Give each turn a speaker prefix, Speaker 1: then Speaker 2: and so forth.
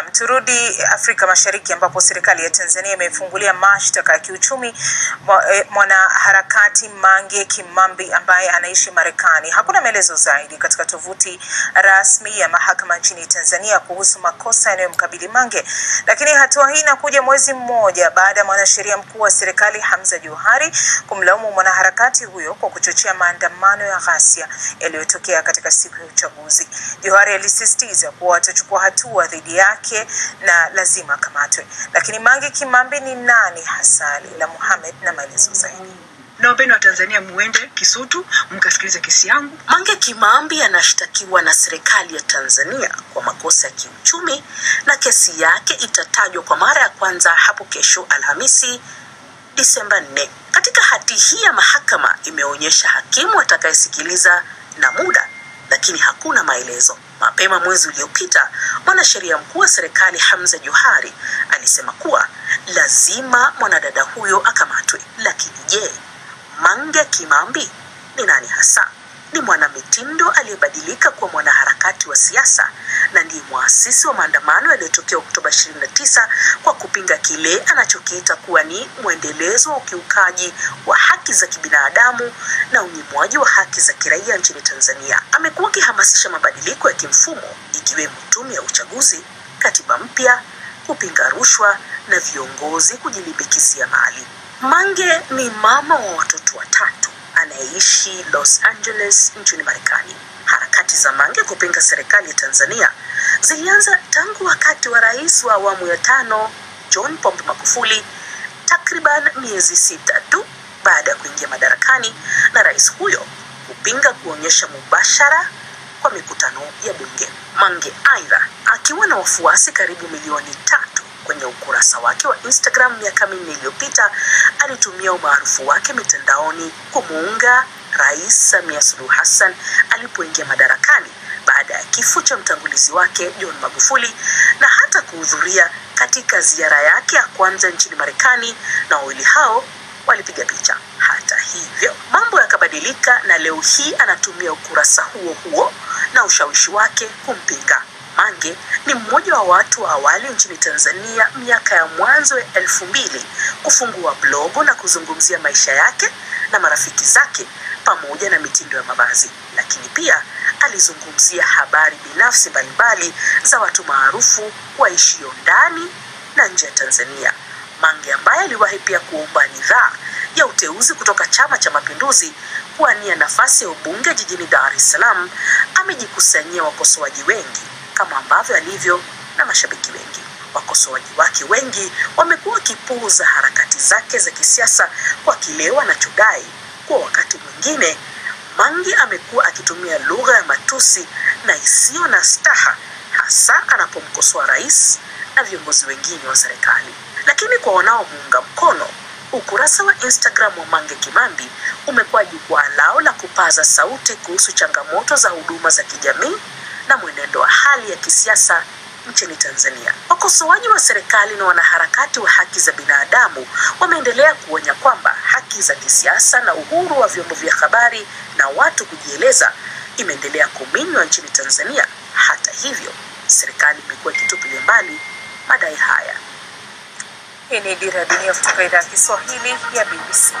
Speaker 1: Naam, turudi Afrika Mashariki ambapo serikali ya Tanzania imefungulia mashtaka ya kiuchumi e, mwanaharakati Mange Kimambi ambaye anaishi Marekani. Hakuna maelezo zaidi katika tovuti rasmi ya mahakama nchini Tanzania kuhusu makosa yanayomkabili Mange, lakini hatua hii inakuja mwezi mmoja baada ya mwanasheria mkuu wa serikali Hamza Johari kumlaumu mwanaharakati huyo kwa kuchochea maandamano ya ghasia yaliyotokea katika siku ya uchaguzi. Johari alisisitiza kuwa watachukua hatua dhidi yake yake na lazima akamatwe. Lakini Mange Kimambi ni nani hasa? Leila Muhamed na maelezo zaidi.
Speaker 2: Na wapenda wa Tanzania muende Kisutu mkasikiliza kesi yangu.
Speaker 1: Mange Kimambi anashtakiwa na serikali ya Tanzania kwa makosa ya kiuchumi na kesi yake itatajwa kwa mara ya kwanza hapo kesho Alhamisi Disemba 4. Katika hati hii ya mahakama imeonyesha hakimu atakayesikiliza na muda, lakini hakuna maelezo. Mapema mwezi uliopita Mwanasheria mkuu wa serikali Hamza Johari alisema kuwa lazima mwanadada huyo akamatwe. Lakini je, Mange Kimambi ni nani hasa? Ni mwanamitindo aliyebadilika kuwa mwanaharakati wa siasa na ndiye mwasisi wa maandamano yaliyotokea Oktoba 29 kwa kupinga kile anachokiita kuwa ni mwendelezo wa ukiukaji wa haki za kibinadamu na unyimwaji wa haki za kiraia nchini Tanzania. Amekuwa akihamasisha mabadiliko ya kimfumo ikiwemo tume ya uchaguzi, katiba mpya, kupinga rushwa na viongozi kujilimbikizia mali. Mange ni mama wa watoto watatu anayeishi Los Angeles nchini Marekani. Harakati za Mange kupinga serikali ya Tanzania zilianza tangu wakati wa rais wa awamu ya tano John Pombe Magufuli, takriban miezi sita tu baada ya kuingia madarakani na rais huyo kupinga kuonyesha mubashara kwa mikutano ya bunge. Mange aidha, akiwa na wafuasi karibu milioni tatu kwenye ukurasa wake wa Instagram miaka minne iliyopita, alitumia umaarufu wake mitandaoni kumuunga Rais Samia Suluhu Hassan alipoingia madarakani baada ya kifo cha mtangulizi wake John Magufuli na hata kuhudhuria katika ziara yake ya kwanza nchini Marekani na wawili hao walipiga picha. Hata hivyo, mambo yakabadilika na leo hii anatumia ukurasa huo huo na ushawishi wake kumpinga Mwege ni mmoja wa watu wa awali nchini Tanzania miaka ya mwanzo ya elfu mbili kufungua blogo na kuzungumzia maisha yake na marafiki zake pamoja na mitindo ya mavazi, lakini pia alizungumzia habari binafsi mbalimbali za watu maarufu waishio ndani na nje ya Tanzania. Mange ambaye aliwahi pia kuomba ridhaa ya uteuzi kutoka Chama cha Mapinduzi kuwania nafasi ya ubunge jijini Dar es Salaam amejikusanyia wakosoaji wengi kama ambavyo alivyo na mashabiki wengi. Wakosoaji wake wengi wamekuwa wakipuuza harakati zake za kisiasa kwa kile wanachodai kuwa wakati mwingine Mangi amekuwa akitumia lugha ya matusi na isiyo na staha, hasa anapomkosoa rais na viongozi wengine wa serikali. Lakini kwa wanaomuunga mkono, ukurasa wa Instagram wa Mange Kimambi umekuwa jukwaa lao la kupaza sauti kuhusu changamoto za huduma za kijamii na mwene hali ya kisiasa nchini Tanzania. Wakosoaji wa serikali na wanaharakati wa haki za binadamu wameendelea kuonya kwamba haki za kisiasa na uhuru wa vyombo vya habari na watu kujieleza imeendelea kuminywa nchini Tanzania. Hata hivyo, serikali imekuwa ikitupilia mbali madai haya. Hii ni Dira Dunia kutoka idhaa ya Kiswahili ya BBC.